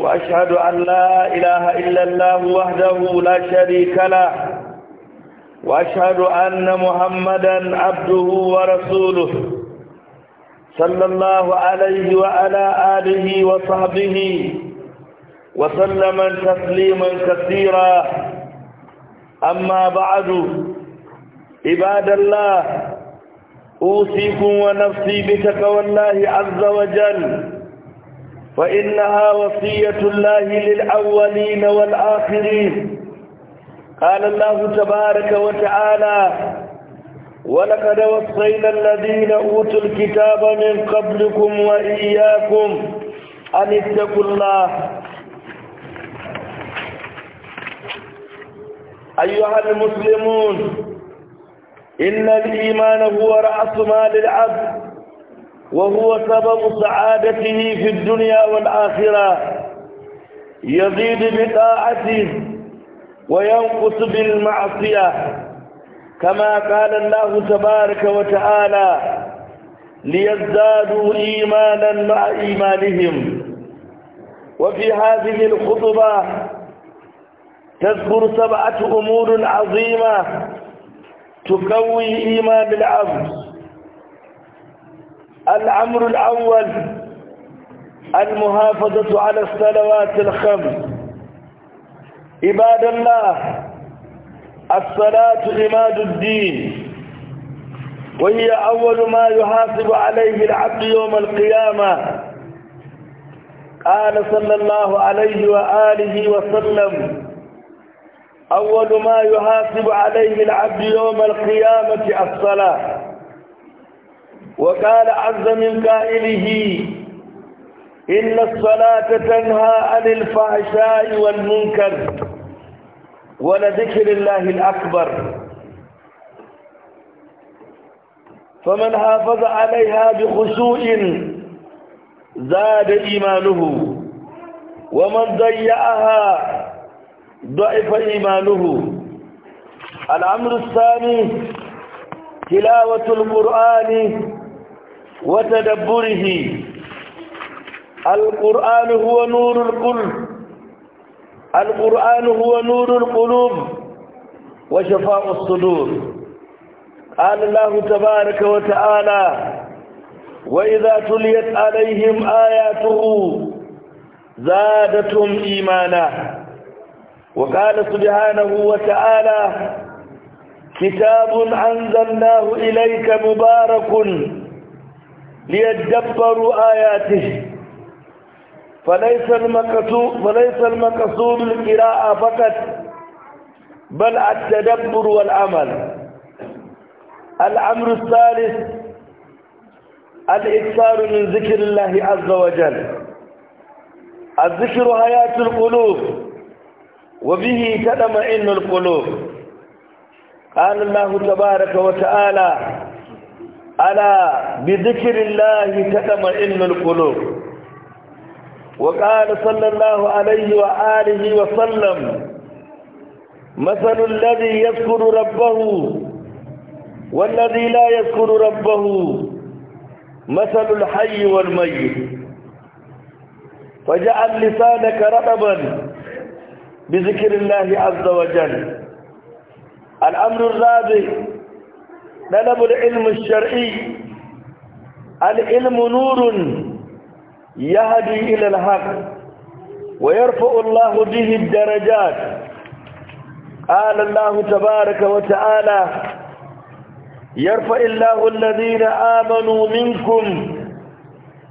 وأشهد أن لا إله إلا الله وحده لا شريك له وأشهد أن محمدا عبده ورسوله صلى الله عليه وعلى آله وصحبه وسلم تسليما كثيرا أما بعد عباد الله أوصيكم ونفسي بتقوى الله عز وجل فإنها وصية الله للأولين والآخرين قال الله تبارك وتعالى ولقد وصينا الذين أوتوا الكتاب من قبلكم وإياكم أن اتقوا الله أيها المسلمون إن الإيمان هو رأس مال العبد وهو سبب سعادته في الدنيا والآخرة يزيد بطاعته وينقص بالمعصية كما قال الله تبارك وتعالى ليزدادوا إيمانا مع إيمانهم وفي هذه الخطبة تذكر سبعة أمور عظيمة تقوي إيمان العبد الأمر الأول المحافظة على الصلوات الخمس عباد الله الصلاة عماد الدين وهي أول ما يحاسب عليه العبد يوم القيامة قال صلى الله عليه وآله وسلم أول ما يحاسب عليه العبد يوم القيامة الصلاة وقال عز من قائله إن الصلاة تنهى عن الفحشاء والمنكر ولذكر الله الأكبر فمن حافظ عليها بخشوع زاد إيمانه ومن ضيعها ضعف إيمانه الأمر الثاني تلاوة القرآن وتدبره القرآن هو نور القلب القرآن هو نور القلوب وشفاء الصدور قال الله تبارك وتعالى وإذا تليت عليهم آياته زادتهم إيمانا وقال سبحانه وتعالى كتاب أنزلناه إليك مبارك ليدبروا آياته فليس المقصود فليس المقصود القراءة فقط بل التدبر والعمل الأمر الثالث الإكثار من ذكر الله عز وجل الذكر حياة القلوب وبه تطمئن القلوب قال الله تبارك وتعالى ألا بذكر الله تطمئن القلوب وقال صلى الله عليه وآله وسلم مثل الذي يذكر ربه والذي لا يذكر ربه مثل الحي والميت فجعل لسانك رطبا بذكر الله عز وجل الأمر الرابع طلب العلم الشرعي العلم نور يهدي إلى الحق ويرفع الله به الدرجات قال الله تبارك وتعالى يرفع الله الذين آمنوا منكم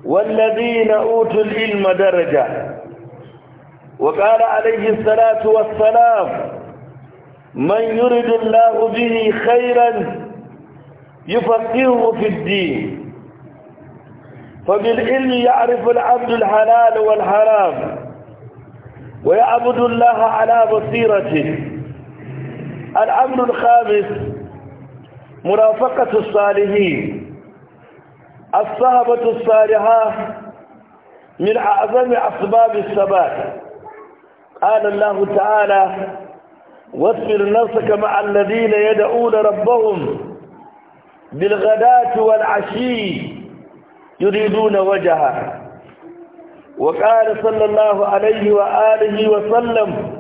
والذين أوتوا العلم درجة وقال عليه الصلاة والسلام من يرد الله به خيراً يفقهه في الدين فبالعلم يعرف العبد الحلال والحرام ويعبد الله على بصيرته الأمر الخامس مرافقة الصالحين الصحبة الصالحة من أعظم أسباب الثبات قال الله تعالى واصبر نفسك مع الذين يدعون ربهم بالغداة والعشي يريدون وجهه وقال صلى الله عليه وآله وسلم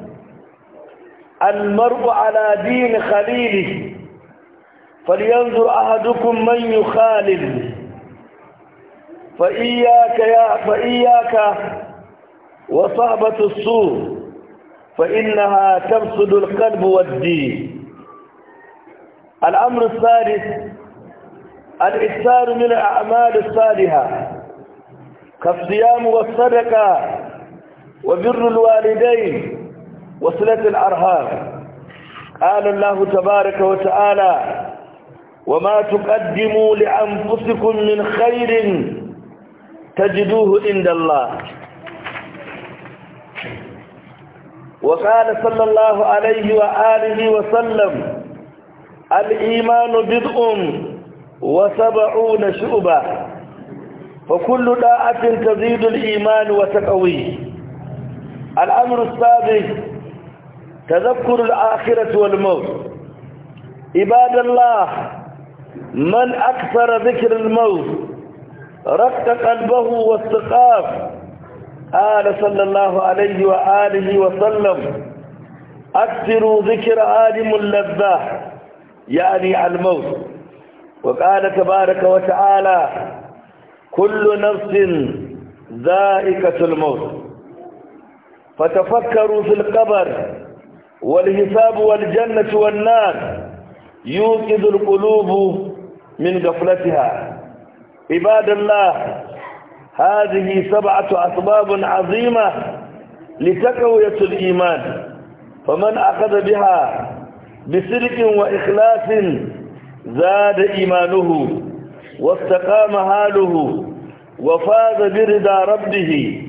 المرء على دين خليله فلينظر أحدكم من يخالل فإياك يا فإياك وصحبة السوء فإنها تفسد القلب والدين الأمر الثالث الإكثار من الأعمال الصالحة كالصيام والصدقة وبر الوالدين وصلة الأرهاب قال الله تبارك وتعالى وما تقدموا لأنفسكم من خير تجدوه عند الله وقال صلى الله عليه وآله وسلم الإيمان بدء وسبعون شعبة فكل داعة تزيد الإيمان وتقوي الأمر السابع تذكر الآخرة والموت عباد الله من أكثر ذكر الموت رق قلبه واستقاف قال صلى الله عليه وآله وسلم أكثروا ذكر عالم اللذة يعني الموت وقال تبارك وتعالى كل نفس ذائقة الموت فتفكروا في القبر والحساب والجنة والنار يوقظ القلوب من غفلتها عباد الله هذه سبعة أسباب عظيمة لتقوية الإيمان فمن أخذ بها بسرق وإخلاص زاد إيمانه واستقام حاله وفاز برضا ربه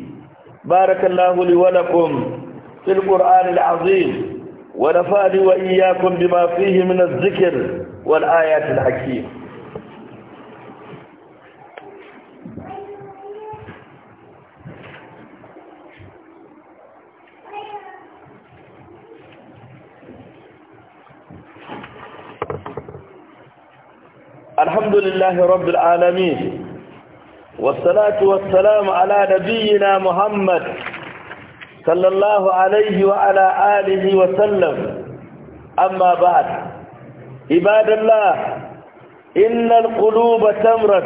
بارك الله لي ولكم في القرآن العظيم ونفعني وإياكم بما فيه من الذكر والآيات الحكيمة الحمد لله رب العالمين والصلاة والسلام على نبينا محمد صلى الله عليه وعلى آله وسلم أما بعد عباد الله إن القلوب تمرض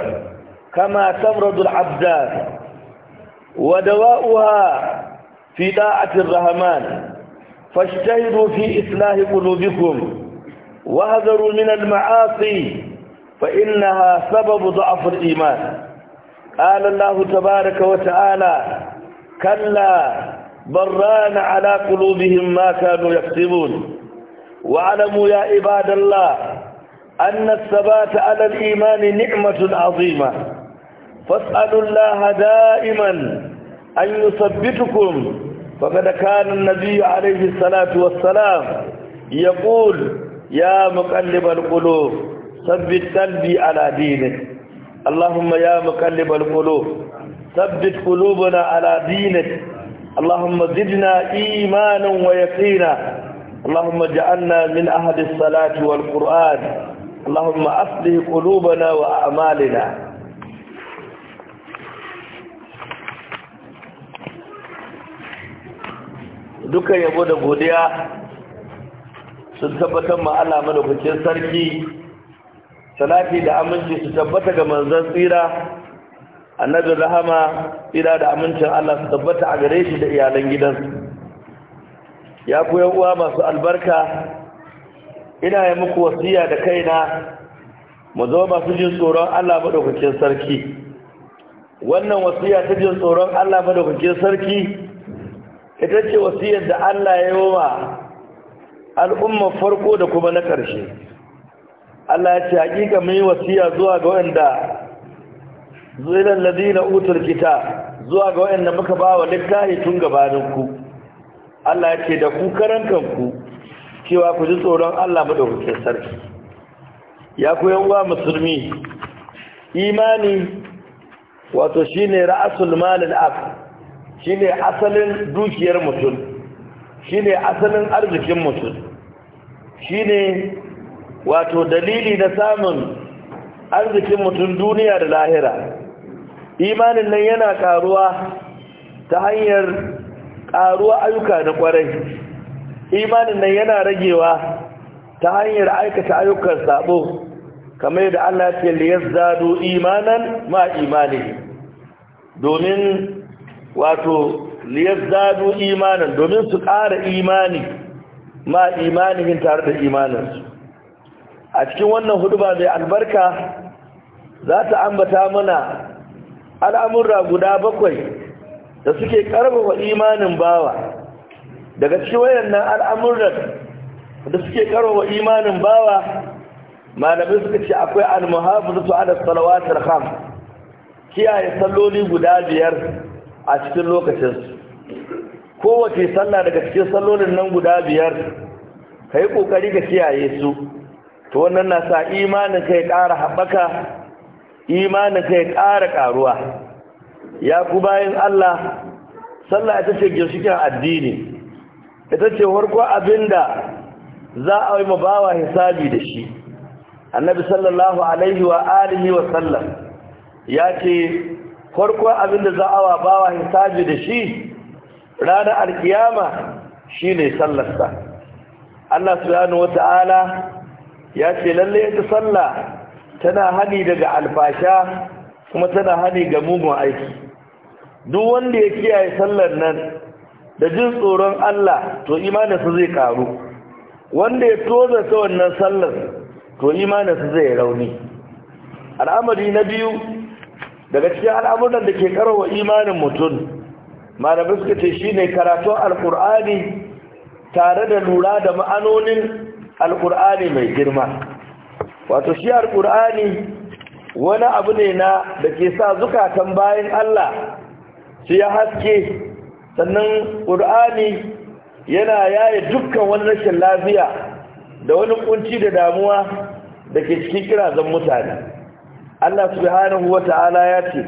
كما تمرض العبدان ودواؤها في داعة الرحمن فاجتهدوا في إصلاح قلوبكم واهذروا من المعاصي فإنها سبب ضعف الإيمان قال الله تبارك وتعالى كلا بران على قلوبهم ما كانوا يكسبون واعلموا يا عباد الله أن الثبات على الإيمان نعمة عظيمة فاسألوا الله دائما أن يثبتكم فقد كان النبي عليه الصلاة والسلام يقول يا مقلب القلوب ثبت قلبي على دينك اللهم يا مقلب القلوب ثبت قلوبنا على دينك اللهم زدنا إيمانا ويقينا اللهم اجعلنا من أهل الصلاة والقرآن اللهم أصلح قلوبنا وأعمالنا duka yabo da godiya sun tabbatar ma Allah madaukakin sarki salati da aminci su tabbata ga manzon tsira annabi rahama tsira da amincin Allah su tabbata a gare shi da iyalan gidansu ya ku uwa masu albarka ina yi muku wasiya da kaina mu zama masu jin tsoron Allah madaukakin sarki wannan wasiya ta jin tsoron Allah madaukakin sarki ita ce wasiyar da Allah ya yi wa al'umma farko da kuma na ƙarshe Allah ya ce hakika mai wasiya zuwa ga wanda zuwa ladina utul kita zuwa ga wanda muka ba wa littafi tun gabanin ku Allah ya ce da ku karan kanku cewa ku ji tsoron Allah madaukakin sarki ya ku uwa musulmi imani wato shine ra'asul malil aq shine asalin dukiyar mutum shine asalin arzikin mutum shine wato dalili na samun arzikin mutum duniya da lahira imanin nan yana karuwa ta hanyar karuwa ayyuka na kwarai imanin nan yana ragewa ta hanyar aikata ayyukan sabo kamar da Allah ya ce yazdadu imanan ma imani domin wato liyazdadu imanan domin su ƙara imani ma imanihin tare da imaninsu a cikin wannan huduba mai albarka za ta ambata mana al'amurra guda bakwai da suke ƙarfafa imanin bawa daga cikin nan al'amurran da suke ƙarfafa imanin bawa malamai suka ce akwai al zuwa ala salawatar ham, kiyaye salloli guda biyar a cikin lokacinsu kowace sallah daga cikin sallolin nan guda biyar ka yi kokari ka kiyaye su to wannan na sa imanin ka ƙara haɓaka imanin ka ƙara ƙaruwa ya ku bayan Allah sallah ita ce ginshikin addini ita ce farko abinda za a yi mabawa hisabi da shi annabi sallallahu alaihi wa alihi wa sallam ya ce farko abinda za a bawa hisabi da shi ranar alkiyama shine sallarsa Allah subhanahu Ta'ala. ya ce lalle yadda sallah tana hani daga alfasha kuma tana hani ga mugun aiki duk wanda ya kiyaye sallar nan da jin tsoron Allah to imaninsa zai karu wanda ya toza ta wannan sallar to imaninsa zai rauni al'amari na biyu daga cikin al'amuran da ke karawa imanin mutum malamai suka ce shine karatun alkur'ani tare da lura da ma'anonin alkur'ani mai girma wato shi Alƙur'ani wani abu ne na da ke sa zukatan bayan Allah su ya haske sannan ƙur'ani yana yaye dukkan wani rashin lafiya da wani kunci da damuwa da ke cikin kirazan mutane Allah subhanahu wa ta'ala ya ce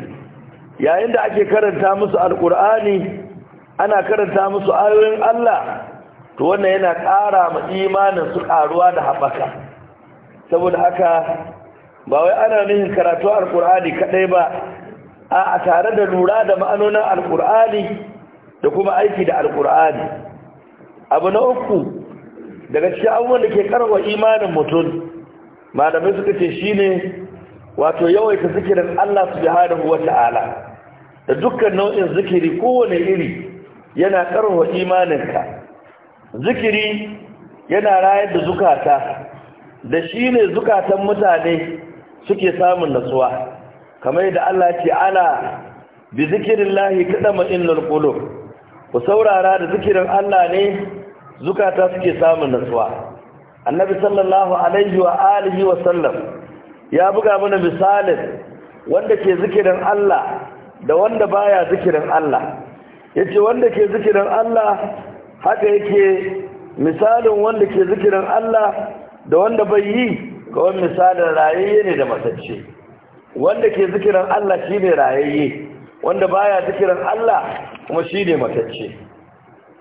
yayin da ake karanta musu Alƙur'ani ana karanta musu ayoyin Allah to wannan yana ƙara ma imanin su ƙaruwa da haɓaka saboda haka ba wai ana nuhin karatu alƙur'ani kaɗai ba a tare da lura da ma'anonin alƙur'ani da kuma aiki da alƙur'ani abu na uku daga cikin abubuwan da ke karwa imanin mutum malamai suka ce shi ne wato yawaita zikirin Allah su subhanahu wa ta'ala da dukkan nau'in zikiri kowane iri yana karwa imaninka zikiri yana rayar da zukata da shi ne zukatan mutane suke samun natsuwa kamar da Allah ce ala bi zikirin lahi kaɗa ma'inar ƙulub ku saurara da zikirin Allah ne zukata suke samun natsuwa annabi sallallahu alaihi wa alihi wa sallam ya buga mana misalin wanda ke zikirin Allah da wanda baya zikirin Allah yace wanda ke zikirin Allah haka yake misalin wanda ke zikirin Allah da wanda bai yi kawai misalin rayayye ne da matacce wanda ke zikirin Allah shi ne rayayye wanda baya zikirin Allah kuma shi ne matacce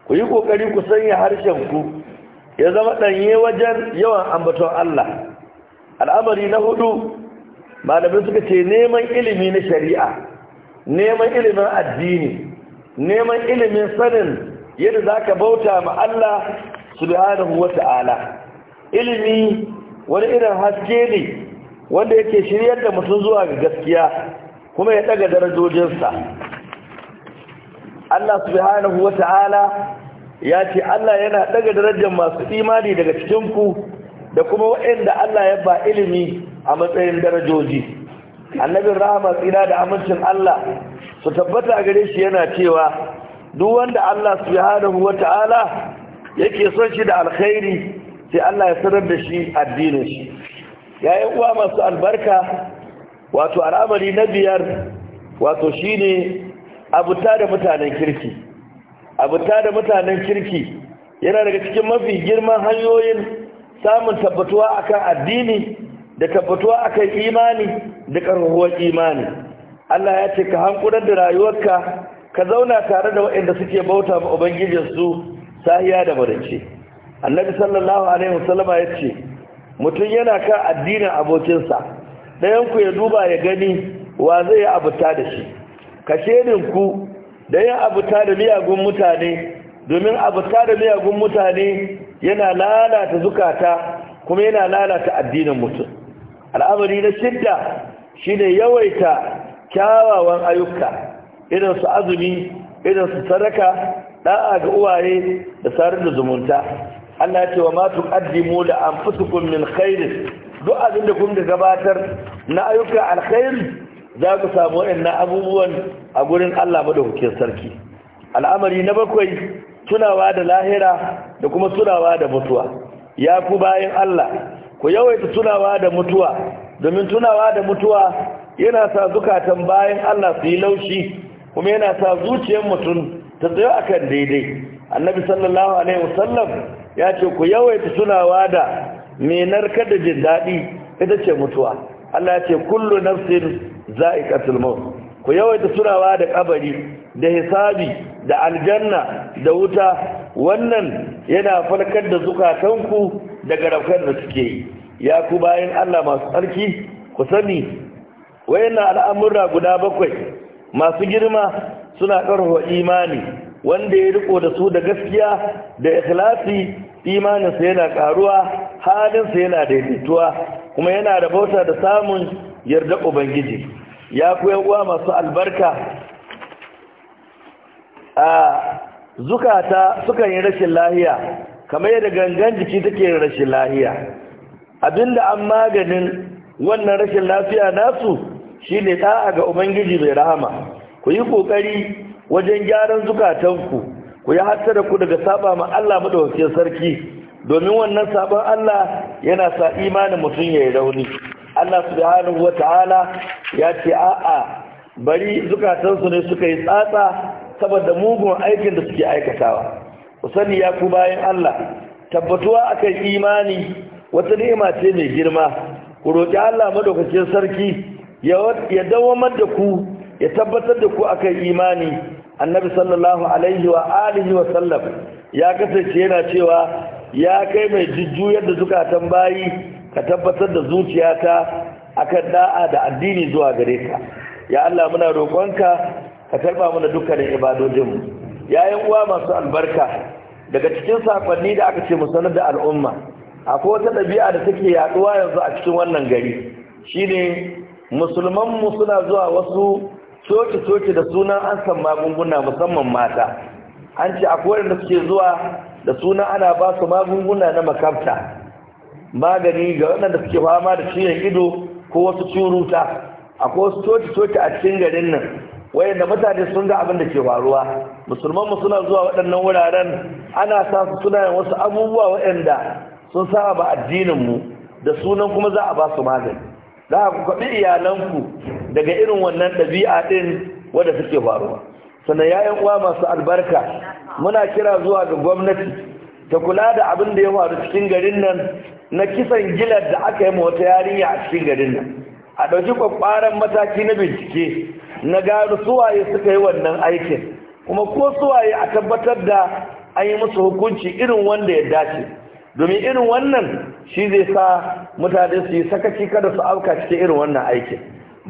ku yi ƙoƙari ku sanya harshenku ya zama ɗanye wajen yawan ambaton Allah al'amari na hudu malamai suka ce neman ilimi na shari'a neman ilimin addini neman ilimin sanin yadda za ka bauta ma Allah subhanahu wa ta'ala ilimi wani irin haske ne wanda yake shiryar da mutum zuwa ga gaskiya kuma ya daga darajojinsa Allah subhanahu wa ta'ala ya ce Allah yana daga darajar masu imani daga cikinku da kuma waɗanda Allah ya ba ilimi a matsayin darajoji annabin rahama tsira da amincin Allah su tabbata gare shi yana cewa duk wanda Allah subhanahu wata'ala yake son shi da alkhairi sai Allah ya sanar da shi addinin shi yayin uwa masu albarka wato al'amari na biyar wato shine abuta da mutanen kirki abuta da mutanen kirki yana daga cikin mafi girman hanyoyin samun tabbatuwa akan addini da tabbatuwa akan imani da karhuwar imani Allah ya ce ka hankular da rayuwarka ka zauna tare da waɗanda suke bauta ma ubangijinsu sahiya da barace annabi sallallahu alaihi wasallama ya ce mutum yana ka addinin abokinsa ɗayan ku ya duba ya gani wa zai abuta da shi ka ku da yin abuta da miyagun mutane domin abuta da miyagun mutane yana lalata zukata kuma yana lalata addinin mutum al'amari na shidda shine yawaita kyawawan ayyuka irin su azumi irin su sadaka da'a ga uwaye da sarar da zumunta Allah ya ce wa ma tuqaddimu la anfusukum min khair duk abin da kun gabatar na ayyuka alkhair za ku samu waɗannan abubuwan a gurin Allah madaukakin sarki al'amari na bakwai tunawa da lahira da kuma tunawa da mutuwa ya ku bayan Allah ku yawaita tunawa da mutuwa domin tunawa da mutuwa yana sa zukatan bayan Allah su yi laushi kuma yana sa zuciyar mutum ta a kan daidai annabi sallallahu alaihi wasallam ya ce ku yawaita tunawa da me narka jin daɗi ita ce mutuwa Allah ya ce kullu nafsin za'iqatul maut ku yawaita tunawa da kabari da hisabi da aljanna da wuta wannan yana farkar da zukatanku daga rafkar da suke yi ya ku bayan Allah masu sarki ku sani wayannan al'amura guda bakwai masu girma suna ƙarfafa imani wanda ya riko da su da gaskiya da ikhlasi imaninsa yana ƙaruwa halinsa yana daidaituwa kuma yana da bauta da samun yarda ubangiji ya ku uwa masu albarka a zukata sukan yi rashin lahiya kamar yadda gangan jiki take rashin lahiya abinda an maganin wannan rashin lafiya nasu shi ne ɗa'a ga ubangiji mai rahama ku yi ƙoƙari wajen gyaran zukatanku ku yi da ku daga saba ma Allah madawacin sarki domin wannan sabon Allah yana sa imanin mutum ya yi rauni Allah subhanahu wa ta'ala ya ce a'a bari zukatansu ne suka yi tsatsa saboda mugun aikin da suke aikatawa ku sani ya ku bayan Allah tabbatuwa akan imani wata ni'ima ce mai girma ku roƙi Allah madaukakin sarki ya dawamar da ku ya tabbatar da ku akan imani annabi sallallahu alaihi wa alihi wa sallam ya kasance yana cewa ya kai mai jujjuyar da zukatan bayi ka tabbatar da zuciyata akan da'a da addini zuwa gare ka ya Allah muna roƙonka ka karba mana dukkanin ibadojinmu yayin uwa masu albarka daga cikin sakonni da aka ce mu sanar da al'umma akwai wata ɗabi'a da take yaɗuwa yanzu a cikin wannan gari shine musulmanmu suna zuwa wasu coci-coci da sunan an san magunguna musamman mata an ce akwai wanda suke zuwa da sunan ana ba su magunguna na makamta magani ga waɗanda suke fama da ciwon ido ko wasu curuta akwai wasu coci-coci a cikin garin nan da mutane sun ga abin da ke faruwa musulmanmu suna zuwa waɗannan wuraren ana sa su suna yin wasu abubuwa waɗanda sun saba ba addininmu da sunan kuma za a ba su magani za ku kwaɓi iyalanku daga irin wannan ɗabi'a ɗin wadda suke faruwa sannan yayan uwa masu albarka muna kira zuwa ga gwamnati ta kula da abin da ya faru cikin garin nan na kisan gilar da aka yi wata yarinya a cikin garin nan a ɗauki kwakwaran mataki na bincike na gano suwaye suka yi wannan aikin kuma ko suwaye a tabbatar da an yi musu hukunci irin wanda ya dace domin irin wannan shi zai sa mutane su yi sakaci kada su auka cikin irin wannan aikin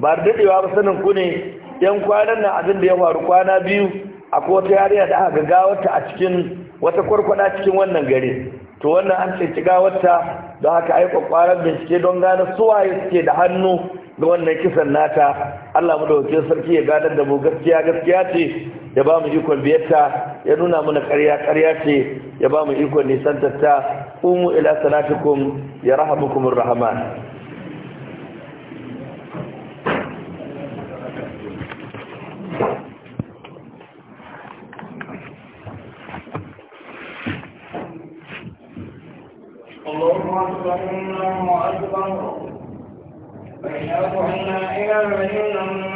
ba da daɗewa ba sanin ku ne yan kwanan na abin da ya faru kwana biyu akwai wata yariya da aka gawarta a cikin wata kwarkwada cikin wannan gari to wannan an ce ci gawarta don haka ai kwakwaran bincike don gane waye suke da hannu ga wannan kisan nata Allah mu dauke sarki ya gadar da mu gaskiya gaskiya ce ya ba mu ikon biyarta ya nuna mana ƙarya ƙarya ce ya ba mu ikon nisantarta قوموا إلى صلاتكم يرحمكم الرحمن اللهم صل الله أكبر أشهد أن لا إله وصحبه اجمعين